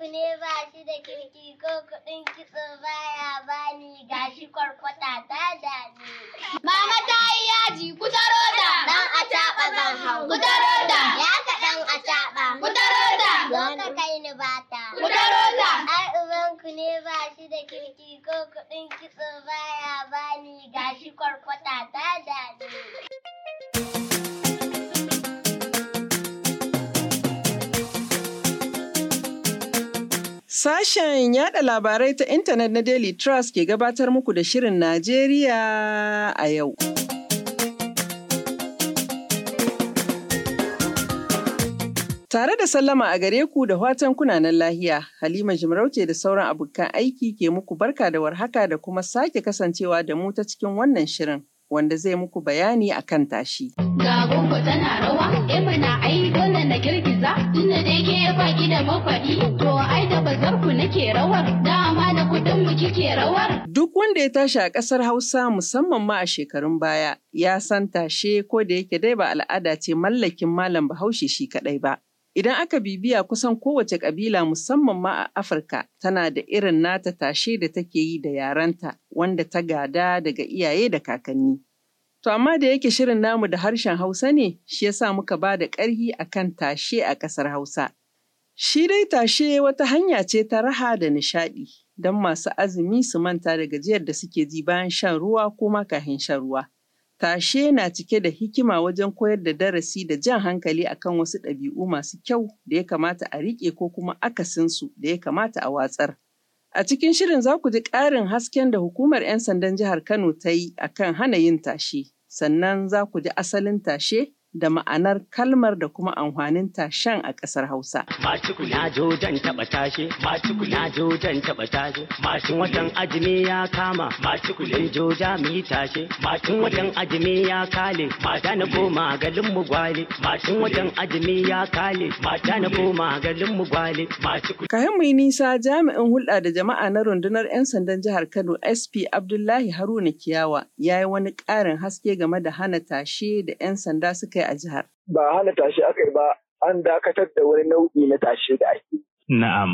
ku ne ba shi da kirki ko kuɗin kitso baya bani gashi kwarkwata ta ni. Mama ta yi yaji ku taro da. Dan a taɓa zan hau. Ku taro da. Ya ka dan a taɓa. Ku taro da. Zo ka kai ni bata. Ku taro da. Ai uban ku ne ba shi da kirki ko kuɗin kitso baya bani gashi kwarkwata ta ni. Sashen yada labarai ta intanet na Daily Trust ke gabatar muku da Shirin Najeriya a yau. Tare da sallama a gare ku da watan kunanan lahiya, Halima Jimarauce da sauran abokan aiki ke muku barka da warhaka da kuma sake kasancewa da mu ta cikin wannan shirin wanda zai muku bayani a kan tashi. Ga tana rawa, na dole na girgiza, tunda da ke baki da to ai da kike rawar dama da kudin mu kike rawar. Duk wanda ya tashi a ƙasar Hausa musamman ma a shekarun baya ya san tashe ko da yake dai ba al'ada ce mallakin malam Bahaushe shi kaɗai ba. Idan aka bibiya kusan kowace ƙabila musamman ma a Afirka tana da irin nata tashe da take yi da yarenta wanda ta gada daga iyaye da kakanni. To amma da yake shirin namu da harshen Hausa ne, shi yasa muka ba da ƙarhi akan tashe a ƙasar Hausa. Shi dai tashe wata hanya ce ta raha da nishaɗi don masu azumi su manta da gajiyar da suke ji bayan shan ruwa ko ma kafin shan ruwa. Tashe na cike da hikima wajen koyar da darasi da jan hankali akan wasu ɗabi'u masu kyau da ya kamata a riƙe ko kuma akasinsu da ya kamata a watsar. A cikin shirin za ku ji ƙarin hasken da hukumar 'yan sandan jihar Kano ta yi akan hana yin tashe, sannan za ku ji asalin tashe da ma'anar kalmar da kuma amfaninta shan a ƙasar Hausa. Masu kula jojan taɓa tashe, masu kula jojan taɓa tashe, masu wajen ajini ya kama, masu kulen joja mu yi tashe, masu wajen ajini ya kale, mata na koma galin mu gwale, masu watan ajini ya kale, mata na koma galin mu gwale, masu Kayan mu nisa jami'in hulɗa da jama'a na rundunar 'yan sandan jihar Kano SP Abdullahi Haruna Kiyawa ya yi wani ƙarin haske game da hana tashe da 'yan sanda suka kai a jihar? Ba hana tashe aka yi ba, an dakatar da wani nau'i na tashe da ake. Na'am.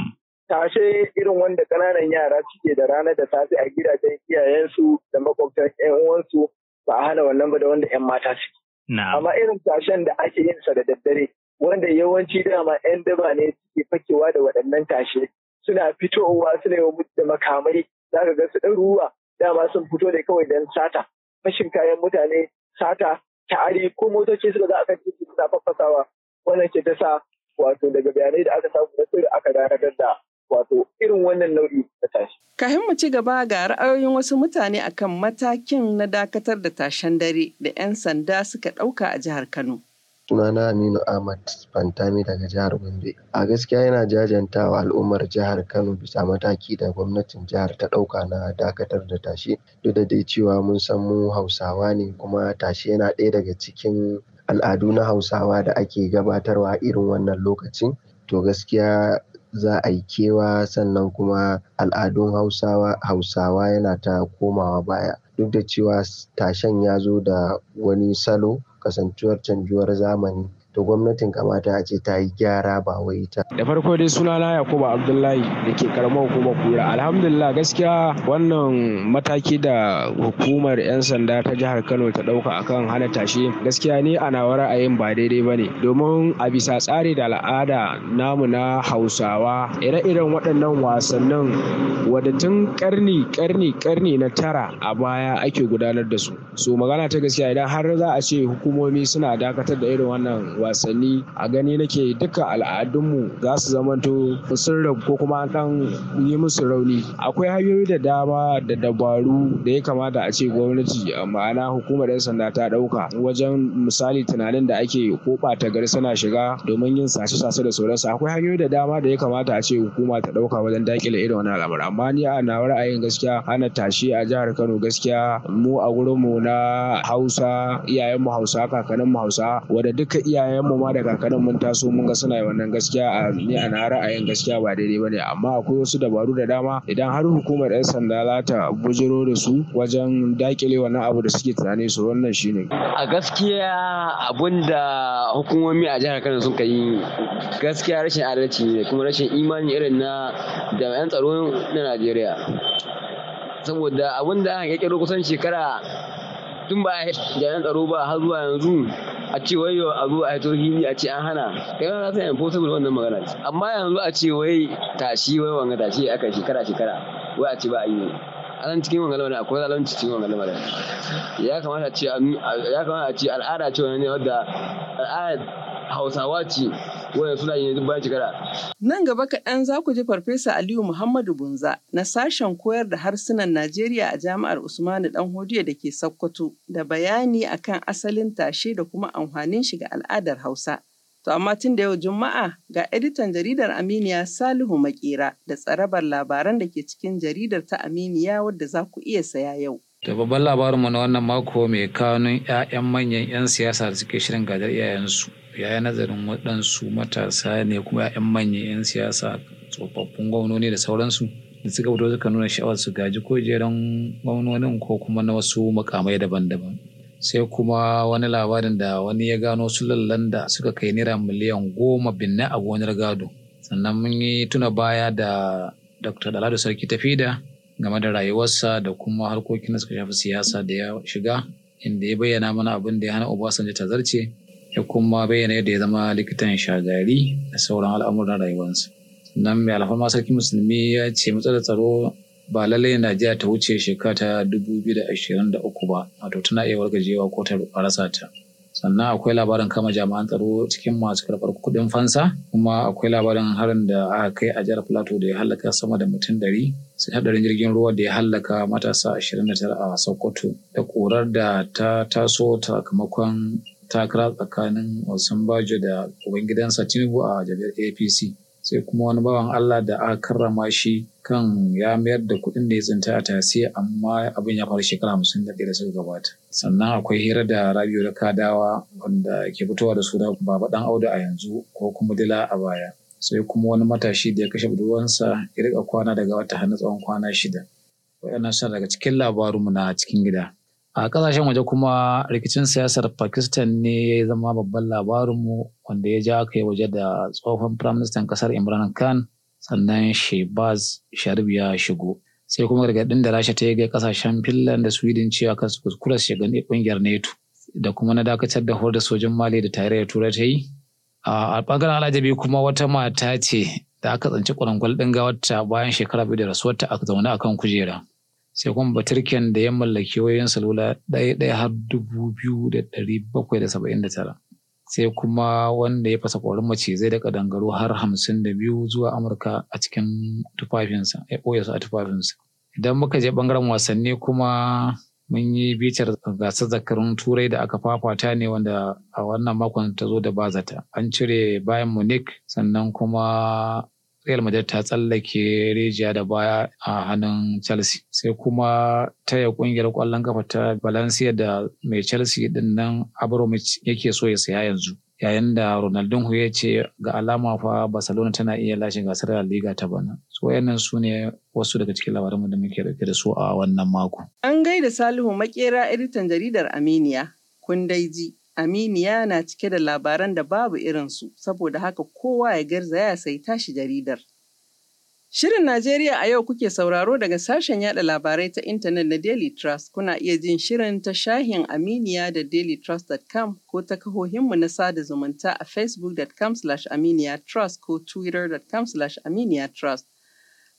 Tashe irin wanda kananan yara suke da rana da safe a gidajen iyayensu da makwabtan 'yan uwansu ba a hana wannan ba da wanda 'yan mata suke. Amma irin tashen da ake yin sa da daddare wanda yawanci dama 'yan daba ne suke fakewa da waɗannan tashe suna fitowa suna yi da makamai za ka ga su ɗan ruwa dama sun fito ne kawai don sata fashin kayan mutane sata tare ko motoci suka za a kan titi suna faffasawa wannan ke ta sa wato daga bayanai da aka samu na sirri aka dakatar da wato irin wannan nau'i ta tashi. Kahin mu ci gaba ga ra'ayoyin wasu mutane akan matakin na dakatar da tashen dare da 'yan sanda suka ɗauka a jihar Kano. Sunana Aminu Ahmad Fantami daga jihar Gombe. A gaskiya yana jajanta al'ummar jihar Kano bisa mataki da gwamnatin jihar ta ɗauka na dakatar da tashe. Duk da dai cewa mun san mu Hausawa ne kuma tashe yana ɗaya daga cikin al'adu na Hausawa da ake gabatarwa irin wannan lokacin. To gaskiya za a yi kewa sannan kuma al'adun Hausawa yana ta komawa baya. duk da cewa tashen ya zo da wani salo, kasancewar canjuwar zamani Da gwamnatin kamata a ce ta yi gyara ba wai ta. Da farko dai sunana Yakubu Abdullahi da ke karamar hukumar Kura. Alhamdulillah gaskiya wannan mataki da hukumar 'yan sanda ta jihar Kano ta ɗauka akan hana tashe gaskiya ni a a ra'ayin ba daidai ba ne domin a bisa tsari da al'ada namu na Hausawa ire-iren waɗannan wasannin wadatun ƙarni ƙarni ƙarni na tara a baya ake gudanar da su. So magana ta gaskiya idan har za a ce hukumomi suna dakatar da irin wannan wasanni a gani nake duka al'adunmu za su zamanto sun rabu ko kuma dan yi musu rauni akwai hanyoyi da dama da dabaru da ya kamata a ce gwamnati ma'ana hukumar 'yan sanda ta ɗauka wajen misali tunanin da ake ko ta gari suna shiga domin yin sace-sace da sauransu akwai hanyoyi da dama da ya kamata a ce hukuma ta ɗauka wajen dakile irin wannan al'amari amma ni a nawa ra'ayin gaskiya ana tashi a jihar Kano gaskiya mu a gurinmu na Hausa iyayenmu Hausa kakanninmu Hausa wanda duka iyayen mu ma da kakannin mun taso mun ga suna wannan gaskiya a ni a ra'ayin gaskiya ba daidai bane amma akwai wasu dabaru da dama idan har hukumar 'yan sanda za ta bujiro da su wajen dakile wannan abu da suke tunani su wannan shine a gaskiya abun da hukumomi a jihar Kano sun yi gaskiya rashin adalci ne kuma rashin imani irin na da 'yan tsaro na Najeriya saboda abun da aka kirkiro kusan shekara tun ba da 'yan tsaro ba har zuwa yanzu a ce wai yau a a hito hili a ce an hana kai ma san impossible wannan magana ce amma yanzu a ce wai tashi wai wanga tashi aka shekara shekara wai a ce ba a yi a nan cikin wanga lamarin akwai zalunci cikin wanga lamarin ya kamata a ce ya kamata a ce al'ada ce wannan wadda al'ada hausawa ce wanda suna yin bayan shekara. Nan gaba kaɗan za ku ji Farfesa Aliyu Muhammadu Bunza na sashen koyar da harsunan Najeriya a Jami'ar Usmanu hodiya da ke Sokoto da bayani akan asalin tashe da kuma amfanin shi ga al'adar Hausa. To amma tun da yau Juma'a ga editan jaridar Aminiya Salihu Makera da tsarabar labaran da ke cikin jaridar ta Aminiya wadda za ku iya saya yau. Da babban labarinmu na wannan mako mai kanun 'ya'yan manyan 'yan siyasa da suke shirin gadar iyayensu. ya yi nazarin waɗansu matasa ne kuma 'yan manyan 'yan siyasa tsofaffin gwamnoni da sauransu da suka fito suka nuna sha'awar su gaji ko jeren gwamnonin ko kuma na wasu makamai daban-daban sai kuma wani labarin da wani ya gano su lallan da suka kai naira miliyan goma binne a gonar gado sannan mun yi tuna baya da dr dalado sarki tafida game da rayuwarsa da kuma harkokin da suka shafi siyasa da ya shiga inda ya bayyana mana abin da ya hana obasanjo tazarce ya kuma bayyana yadda ya zama likitan shagari da sauran al'amuran rayuwarsa. Nan mai ma sarki musulmi ya ce matsalar tsaro ba lallai jiya ta wuce shekara ta uku ba, wato tana iya wargajewa ko ta rasa ta. sannan akwai labarin kama jami'an tsaro cikin masu karɓar kuɗin fansa kuma akwai labarin harin da aka kai a jihar plateau da ya hallaka sama da mutum ɗari sai haɗarin jirgin ruwa da ya hallaka matasa 29 a sokoto da ƙurar da ta taso sakamakon takara tsakanin Osinbajo da ubangidansa Tinubu a jami'ar APC. Sai kuma wani bawan Allah da aka karrama shi kan ya mayar da kuɗin da ya tsinta a tasi amma abin ya faru shekara hamsin da ɗaya da suka gabata. Sannan akwai hira da Rabiu da Kadawa wanda ke fitowa da suna Baba Dan Audu a yanzu ko kuma Dila a baya. Sai kuma wani matashi da ya kashe budurwansa ya riƙa kwana daga wata hannu tsawon kwana shida. Waɗannan suna daga cikin labarunmu na cikin gida. a kasashen waje kuma rikicin siyasar pakistan ne ya zama babban labarinmu wanda ya ja kai waje da tsohon firaministan kasar imran khan sannan shebaz sharif ya shigo sai kuma gargadin da rasha ta yi ga kasashen finland da sweden cewa kan su kuskura shiga ƙungiyar nato da kuma na dakatar da horar sojin mali da tarayyar turai ta yi a ɓangaren alajabi kuma wata mata ce da aka tsanci kurangwal ɗin gawarta bayan shekara biyu da rasuwarta a zaune a kan kujera sai kuma Baturken da ya mallaki wayoyin salula ɗaya ɗaya har dubu biyu da ɗari bakwai da saba'in da tara sai kuma wanda ya fasa ƙwarin macizai da ƙadangaru har hamsin da biyu zuwa amurka a cikin tufafinsa ya ɓoye su a tufafinsa idan muka je ɓangaren wasanni kuma mun yi bitar gasar zakarun turai da aka fafata ne wanda a wannan makon ta zo da bazata an cire bayan munich sannan kuma Real Madrid ta tsallake rijiya da baya a hannun Chelsea. Sai kuma taya kungiyar kwallon kafa ta Valencia da mai Chelsea din nan Abramovich yake so ya saya yanzu. Yayin da Ronaldinho ya ce ga alama fa Barcelona tana iya lashe gasar La Liga ta bana. So wayannan su ne wasu daga cikin labaran da muke dauke da su a wannan mako. An gaida Salihu Makera editan jaridar Aminiya. Kun dai ji. Aminiya na cike da labaran da babu irin su saboda haka kowa ya garza ya sayi tashi jaridar. Shirin Najeriya a yau kuke sauraro daga sashen yaɗa labarai ta intanet na Daily Trust. Kuna iya jin shirin ta shahin Aminiya da dailytrust.com ko ta kahohinmu na sada zumunta a facebook.com/aminiya trust ko twitter.com/aminiya trust.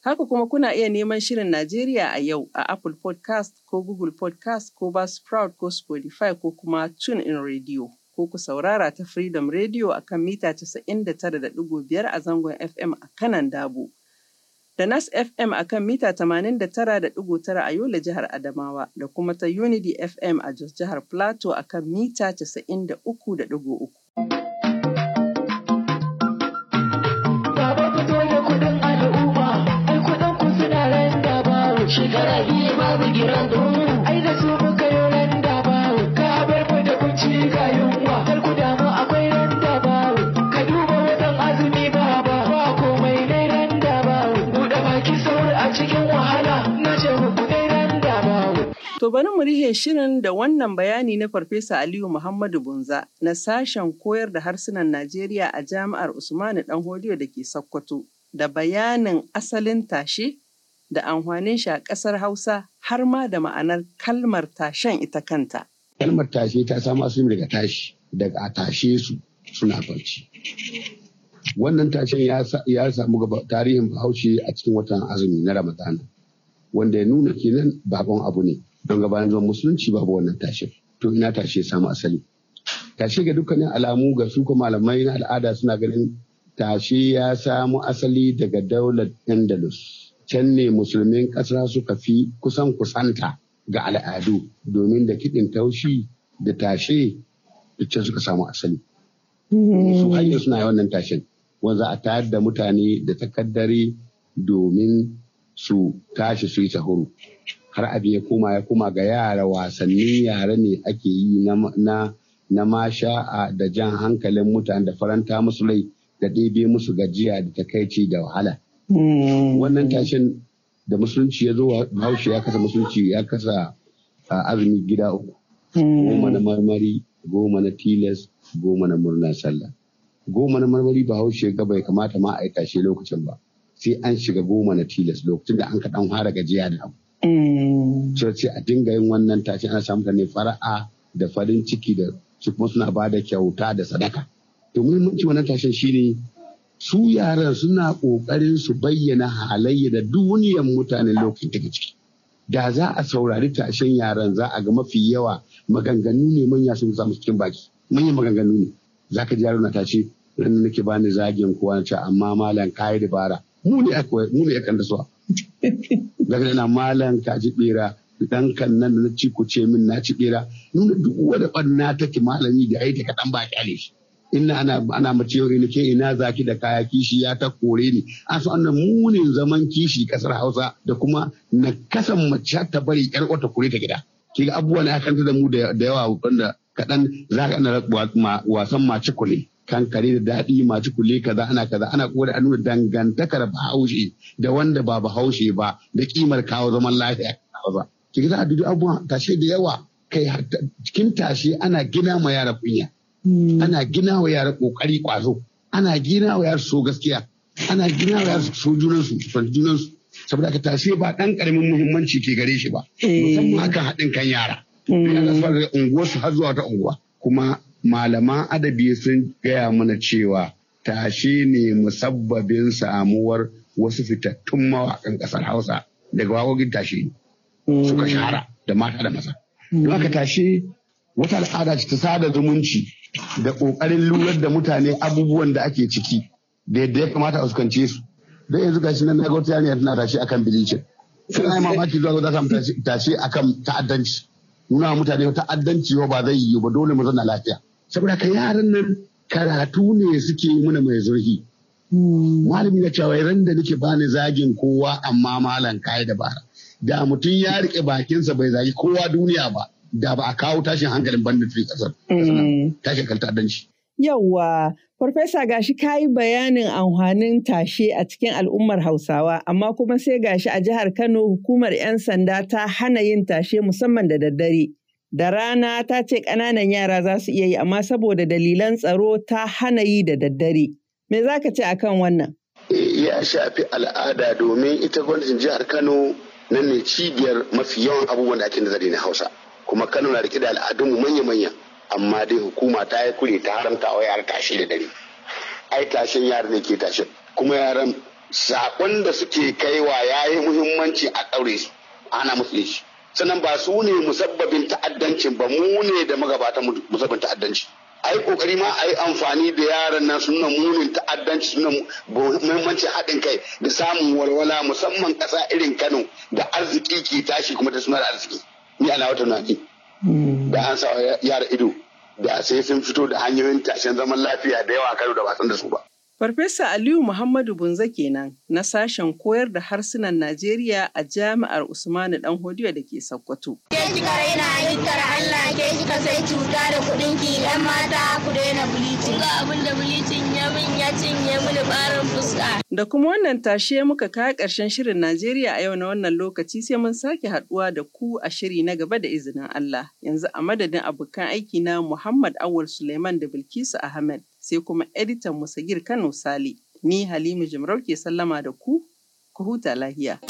Haka kuma kuna iya neman Shirin Najeriya a yau a Apple podcast ko Google podcast ko Buzzsprout ko Spotify ko kuma TuneIn Radio ko ku saurara ta Freedom Radio a kan mita 99.5 a zangon FM a kanan Dabo. Da Nas FM a kan mita 89.9 a Yola jihar Adamawa da kuma ta Unity FM a Jos jihar Plateau a kan mita 93.3. shekara biyu babu giran ai da su muka yi ran da ka bar mu da kunci yunwa kar ku damu akwai ran da ka duba wajen azumi baba ba komai ne ran da bawo buɗe baki saur a cikin wahala na ce muku dai ran da bawo. To bari mu rihe shirin da wannan bayani na Farfesa Aliyu Muhammadu Bunza na sashen koyar da harsunan Najeriya a Jami'ar Usmanu Danhodiyo da ke Sokoto. da bayanin asalin tashe da amfanin shi a ƙasar Hausa har ma da ma'anar kalmar tashen ita kanta. Kalmar tashe ta samu asali daga tashi, daga a tashe su suna barci. Wannan tashen ya samu tarihin Bahaushe a cikin watan azumi na Ramadana, wanda ya nuna kenan babban abu ne, don gabanin zuwan musulunci babu wannan tashen. To ina tashe samu asali. Tashe ga dukkanin alamu ga su malamai na al'ada suna ganin tashe ya samu asali daga daular Andalus. can ne musulmin ƙasa suka fi kusan kusanta ga al'adu domin da kiɗin taushi da tashe can suka samu asali. Mm-hmm. Su hanyar suna yi wannan tashen wanzu a tayar da mutane da takaddare domin su tashi su yi sahuru. Har abin ya koma ya koma ga yara wasanni yare ne ake yi na masha da jan hankalin mutane da faranta musu rai da ɗebe musu gajiya da takaici da wahala. Hmm. wannan tashin da musulunci ya zo bahaushe ya kasa musulunci ya kasa a azumi gida uku hmm. goma na marmari goma na tilas goma na murna sallah goma na marmari bahaushe ga bai kamata ma a tashe lokacin ba sai an shiga goma na tilas lokacin da an ka dan fara gajiya da abu hmm. sai a dinga yin wannan tashin ana samu ne fara'a da farin ciki da su kuma suna ba da kyauta da sadaka to muhimmanci wannan tashin shine su yaran suna ƙoƙarin su bayyana halayya da duniyar mutanen lokacin take ciki da za a saurari tashen yaran za a ga mafi yawa maganganu ne manya sun samu cikin baki manyan maganganu ne za ka ji na ta ce ranar nake bani zagin kowa na ce amma malam ka yi dabara mu ne mu ne yakan da suwa za ka malam ka ji bera dan kan nan na ci ku ce min na ci bera nuna duk wani ɓanna take malami da ai ta kaɗan ba ƙyale shi ina ana ana ne ke ina zaki da kaya kishi ya ta kore ni an so annan munin zaman kishi kasar Hausa da kuma na kasan mace ta bari yar wata kore ta gida kiga abubuwa ne aka da mu da yawa wanda kadan za ka ana wasan mace kule kankare da daɗi mace kule kaza ana kaza ana kore a nuna dangantakar bahaushe da wanda ba bahaushe ba da kimar kawo zaman lafiya ba kiga za a dudu abubuwa tashe da yawa kai cikin tashe ana gina ma yara kunya Hmm. ana gina wa yara kokari kwazo ana gina wa yara so gaskiya ana gina wa yara so junansu junansu saboda ka tashi ba dan karamin muhimmanci ke gare shi ba eh. musamman hakan haɗin kan yara so hmm. da daga unguwarsu har zuwa ta unguwa kuma malaman adabi sun gaya mana cewa tashe ne musabbabin samuwar wasu fitattun mawaƙan ƙasar hausa daga waƙoƙin tashe hmm. suka shahara da mata da maza. Don aka tashe wata al'ada ce ta sada zumunci da ƙoƙarin lurar da mutane abubuwan da ake ciki da yadda ya kamata a sukance su don yanzu gashi nan na gwamnati yanayi tana tashi akan bilicin sun ai mamaki zuwa za samu tashi akan ta'addanci nuna mutane ta'addanci ba zai yi ba dole mu zauna lafiya saboda ka yaran nan karatu ne suke mana mai zurfi hmm. malami na cewa ran da nake bani zagin kowa amma malam kai da bara da mutum ya rike bakinsa bai zagi kowa duniya ba da ba a kawo tashin hankalin banditry kasar mm. tashin kalta danci Yawwa, Farfesa gashi ka yi bayanin amfanin tashe a cikin al'ummar Hausawa, amma kuma sai gashi a jihar Kano hukumar 'yan sanda ta hana yin tashe musamman da daddare. Da rana ta ce ƙananan yara za su iya yi, amma saboda dalilan tsaro ta hana yi da daddare. Me za ka ce a kan wannan? Ya shafi al'ada domin ita gwamnatin jihar Kano nan ne cibiyar mafi yawan abubuwan da ake nazari na Hausa. kuma kano na rike da al'adunmu manya-manya amma dai hukuma ta yi kure ta haramta wa yara tashi da dare ai tashin yara ne ke tashi kuma yaran sakon da suke kaiwa ya yi muhimmanci a ɗaure su ana musu shi sannan ba su ne musabbabin ta'addancin ba mu ne da magabata musabbabin ta'addanci ai kokari ma ai amfani da yaran nan suna munin ta'addanci suna muhimmancin haɗin kai da samun walwala musamman ƙasa irin Kano da arziki ke tashi kuma ta suna da arziki ni ana wata nani hmm. da an sa yara ido da sai sun fito da hanyoyin tashen zaman lafiya da yawa kano da ba da su ba Farfesa Aliyu Muhammadu Bunza kenan na sashen koyar da harsunan Najeriya a Jami'ar Usmanu Danhodiyo da ke Sokoto. Ke kika raina halittar Allah ke kika sai cuta da kuɗin ki ‘yan mata ku daina bilicin. Ga abin da bilicin ya min ya cinye mini barin fuska. Da kuma wannan tashe muka kawo karshen shirin Najeriya a yau na wannan lokaci sai mun sake haduwa da ku a shiri na gaba da izinin Allah. Yanzu a madadin abokan aiki na Muhammad Awul Suleiman da Bilkisu Ahmed. sai kuma editan Musagir Kano Sale. Ni Halima Jimarau ke sallama da ku, ku huta lahiya.